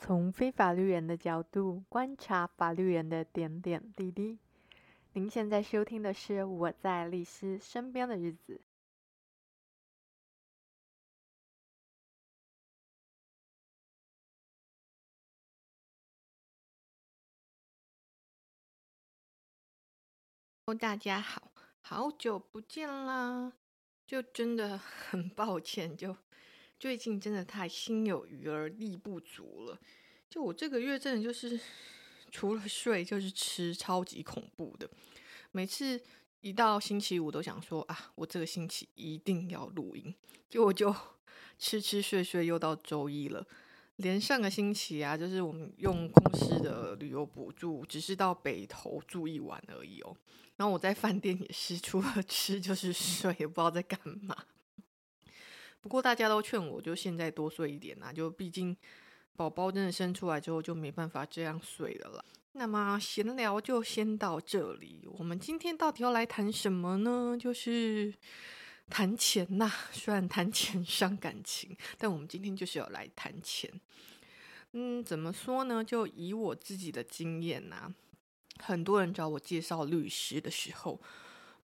從非法律人的角度觀察法律人的點點滴滴。您現在收聽的是《我在律師身邊的日子》。哦，大家好，好久不見啦！就真的很抱歉，就。最近真的太心有餘而力不足了，就我這個月真的就是除了睡就是吃，超級恐怖的。每次一到星期五都想說啊，我這個星期一定要錄音，結果我就吃吃睡睡，又到周一了。連上個星期啊，就是我們用公司的旅遊補助，只是到北投住一晚而已哦。然後我在飯店也是，除了吃就是睡，也不知道在幹嘛。不過大家都勸我，就現在多睡一點啦、啊。就畢竟寶寶真的生出來之後，就沒辦法這樣睡了啦。那麼閒聊就先到這裡。我們今天到底要來談什麼呢？就是談錢吶、啊。雖然談錢傷感情，但我們今天就是要來談錢。嗯，怎麼說呢？就以我自己的經驗吶、啊，很多人找我介紹律師的時候。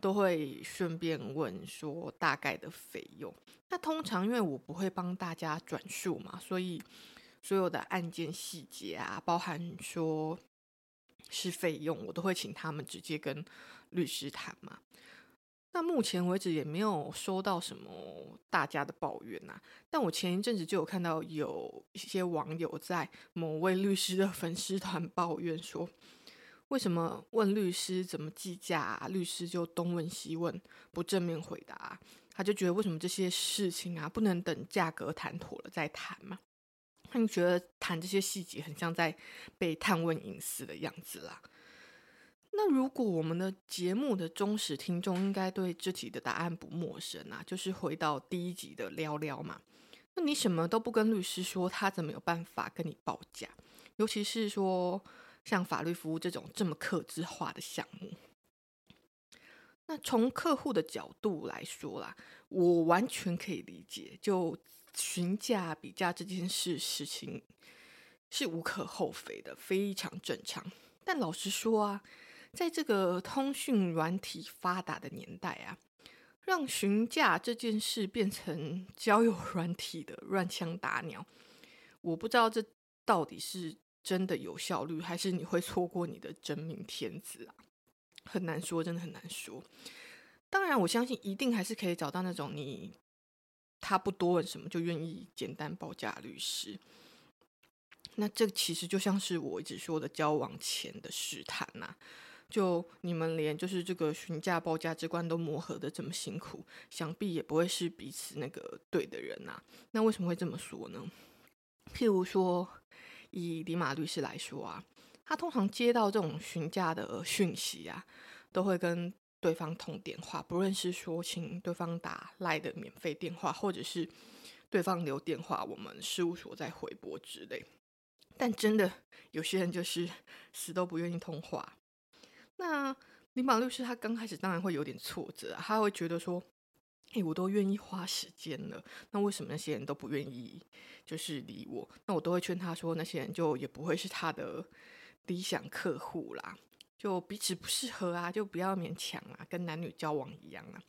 都會順便問說大概的費用。那通常，因為我不會幫大家轉述嘛，所以所有的案件細節啊，包含說是費用，我都會請他們直接跟律師談嘛。那目前為止也沒有收到什麼大家的抱怨吶、啊。但我前一陣子就有看到有一些網友在某位律師的粉絲團抱怨說。為什麼問律師怎麼計價啊，律師就東問西問，不正面回答啊。他就覺得為什麼這些事情啊，不能等價格談妥了再談嘛？他就覺得談這些細節很像在被探問隱私的樣子啦。那如果我們的節目的忠實聽眾，應該對這題的答案不陌生啊，就是回到第一集的聊聊嘛。那你什麼都不跟律師說，他怎麼有辦法跟你報價？尤其是說。像法律服務這種這麼客製化的項目，那從客戶的角度來說啦，我完全可以理解。就詢價比價這件事，事情是無可厚非的，非常正常。但老實說啊，在這個通訊軟體發達的年代啊，讓詢價這件事變成交友軟體的亂槍打鳥，我不知道這到底是。真的有效率，還是你會錯過你的真命天子啊？很難說，真的很難說。當然，我相信一定還是可以找到那種你他不多問什麼就願意簡單報價律師。那這其實就像是我一直說的交往前的試探吶、啊。就你們連就是這個詢價報價之關都磨合得這麼辛苦，想必也不會是彼此那個對的人吶、啊。那為什麼會這麼說呢？譬如說。以李馬律師來說啊，他通常接到這種詢價的訊息啊，都會跟對方通電話，不論是說請對方打 Line 的免費電話，或者是對方留電話，我們事務所再回撥之類。但真的有些人就是死都不願意通話。那李馬律師他剛開始當然會有點挫折啊，他會覺得說。哎，我都願意花時間了，那為什麼那些人都不願意？就是理我，那我都會勸他說，那些人就也不會是他的理想客戶啦，就彼此不適合啊，就不要勉強啊，跟男女交往一樣啊，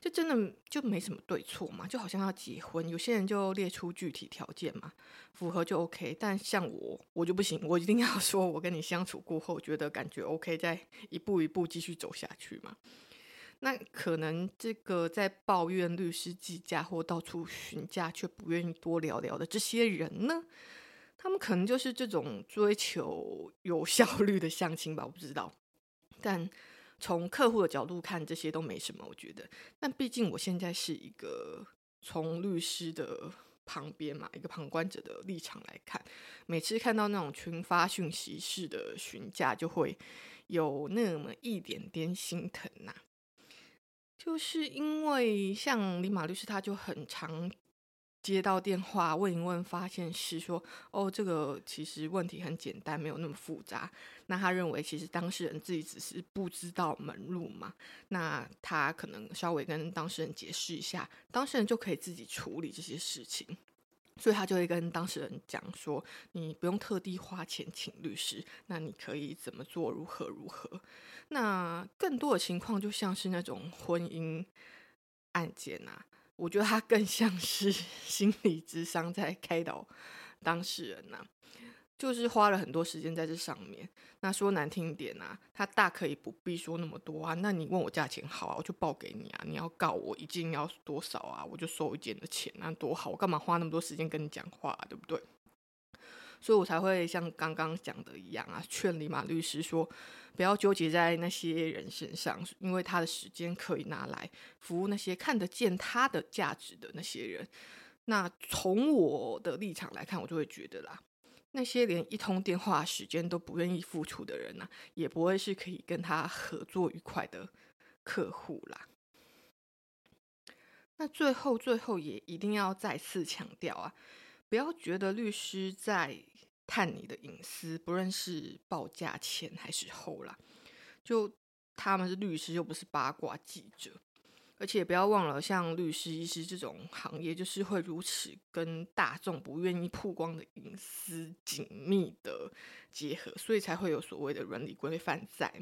就真的就沒什麼對錯嘛，就好像要結婚，有些人就列出具體條件嘛，符合就 OK，但像我，我就不行，我一定要說我跟你相處過後覺得感覺 OK，再一步一步繼續走下去嘛。那可能這個在抱怨律師計價或到處詢價卻不願意多聊聊的這些人呢，他們可能就是這種追求有效率的相親吧，我不知道。但從客戶的角度看，這些都沒什麼，我覺得。但畢竟我現在是一個從律師的旁邊嘛，一個旁觀者的立場來看，每次看到那種群發訊息式的詢價，就會有那麼一點點心疼吶、啊。就是因為像李馬律師，他就很常接到電話問一問，發現是說，哦，這個其實問題很簡單，沒有那麼複雜。那他認為，其實當事人自己只是不知道門路嘛，那他可能稍微跟當事人解釋一下，當事人就可以自己處理這些事情。所以他就會跟當事人講說，你不用特地花錢請律師，那你可以怎麼做，如何如何。那更多的情況就像是那種婚姻案件吶、啊，我覺得他更像是心理諮商在開導當事人吶、啊。就是花了很多時間在這上面。那說難聽一點啊，他大可以不必說那麼多啊。那你問我價錢好啊，我就報給你啊。你要告我一件要多少啊，我就收一件的錢啊，多好！我幹嘛花那麼多時間跟你講話啊，對不對？所以我才會像剛剛講的一樣啊，勸李馬律師說，不要糾結在那些人身上，因為他的時間可以拿來服務那些看得見他的價值的那些人。那從我的立場來看，我就會覺得啦。那些連一通電話時間都不願意付出的人啊，也不會是可以跟他合作愉快的客戶啦。那最後最後也一定要再次強調啊，不要覺得律師在探你的隱私，不論是報價前還是後啦，就他們是律師又不是八卦記者。而且不要忘了，像律師、醫師這種行業，就是會如此跟大眾不願意曝光的隱私緊密的結合，所以才會有所謂的倫理規範在。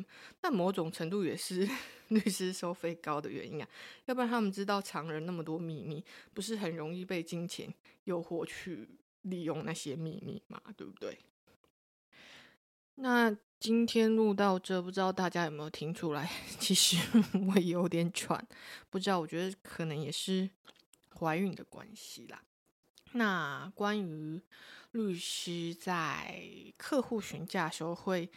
那某種程度也是 律師收費高的原因啊，要不然他們知道常人那麼多秘密，不是很容易被金錢誘惑去利用那些秘密嘛？對不對？那。今天錄到這，不知道大家有沒有聽出來？其實 我也有點喘，不知道，我覺得可能也是懷孕的關係啦。那關於律師在客戶詢價時候會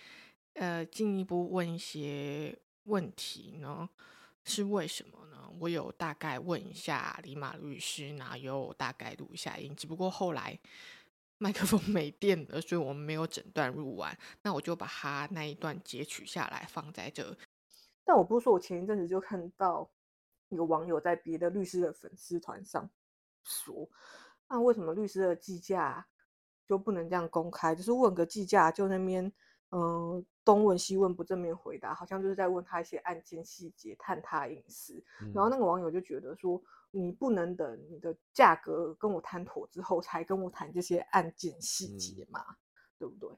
呃進一步問一些問題呢，是為什麼呢？我有大概問一下李馬律師，然後有大概錄一下音，只不過後來。麥克風沒電了，所以我們沒有整段錄完。那我就把它那一段截取下來放在這兒。但我不是說我前一陣子就看到有網友在別的律師的粉絲團上說，那、啊、為什麼律師的計價就不能這樣公開？就是問個計價，就那邊嗯東問西問，不正面回答，好像就是在問他一些案件細節，探他隱私、嗯。然後那個網友就覺得說。你不能等你的價格跟我談妥之後，才跟我談這些案件細節嘛，嗯，對不對？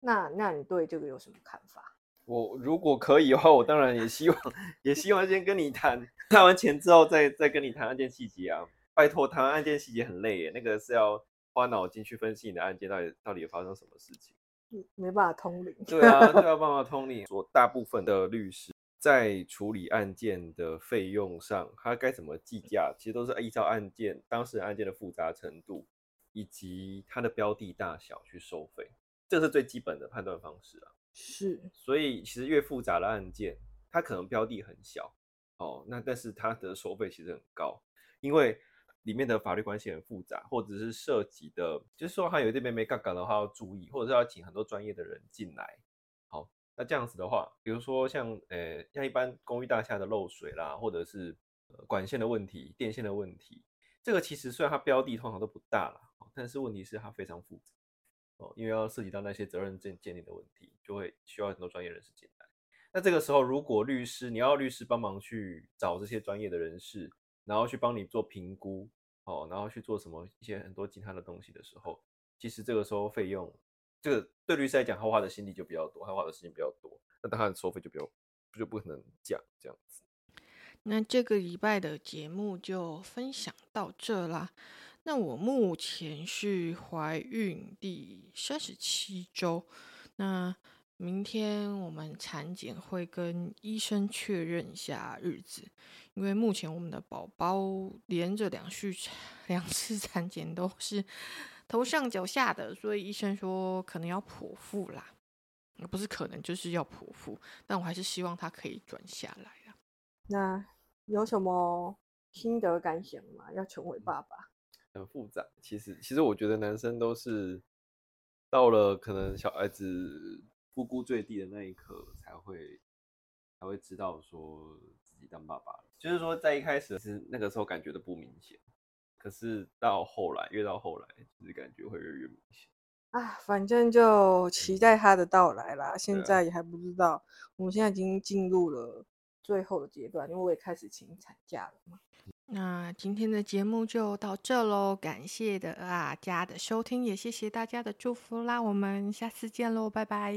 那，那你對這個有什麼看法？我如果可以的話，我當然也希望， 也希望先跟你談談完錢之後再，再再跟你談案件細節啊。拜託，談案件細節很累耶，那個是要花腦筋去分析你的案件到底到底發生什麼事情。嗯，沒辦法通靈。對啊，對啊，沒辦法通靈。說 大部分的律師。在處理案件的費用上，它該怎麼計價，其實都是依照案件當事人案件的複雜程度以及它的標的大小去收費，這是最基本的判斷方式啊。是，所以其實越複雜的案件，它可能標的很小哦，那但是它的收費其實很高，因為裡面的法律關係很複雜，或者是涉及的，就是說還有一些邊邊槓槓的話要注意，或者是要請很多專業的人進來。那這樣子的話，比如說像，呃、欸，像一般公寓大廈的漏水啦，或者是管線的問題、電線的問題，這個其實雖然它標的通常都不大啦，但是問題是它非常複雜哦，因為要涉及到那些責任鑑鑑定的問題，就會需要很多專業人士進來。那這個時候，如果律師你要律師幫忙去找這些專業的人士，然後去幫你做評估，哦，然後去做什麼一些很多其他的東西的時候，其實這個時候費用。這個對律師來講，他花的心力就比較多，他花的時間比較多，那當然收費就比較不就不可能講這樣子。那這個禮拜的節目就分享到這啦。那我目前是懷孕第三十七周，那明天我們產檢會跟醫生確認一下日子，因為目前我們的寶寶連着兩續兩次產檢都是。頭上腳下的，所以醫生說可能要剖腹啦，不是可能，就是要剖腹，但我還是希望他可以轉下來啊，那有什麼心得感想嗎？要成為爸爸很複雜，其實其實我覺得男生都是到了可能小孩子呱呱墜地的那一刻，才會才會知道說自己當爸爸了，就是說在一開始是那個時候感覺的不明顯。可是到後來，越到後來，其實感覺會越越明顯啊。反正就期待他的到來啦。嗯、現在也還不知道。啊、我們現在已經進入了最後的階段，因為我也開始請產假了嘛。那今天的節目就到這嘍，感謝大家的收聽，也謝謝大家的祝福啦。我們下次見嘍，拜拜。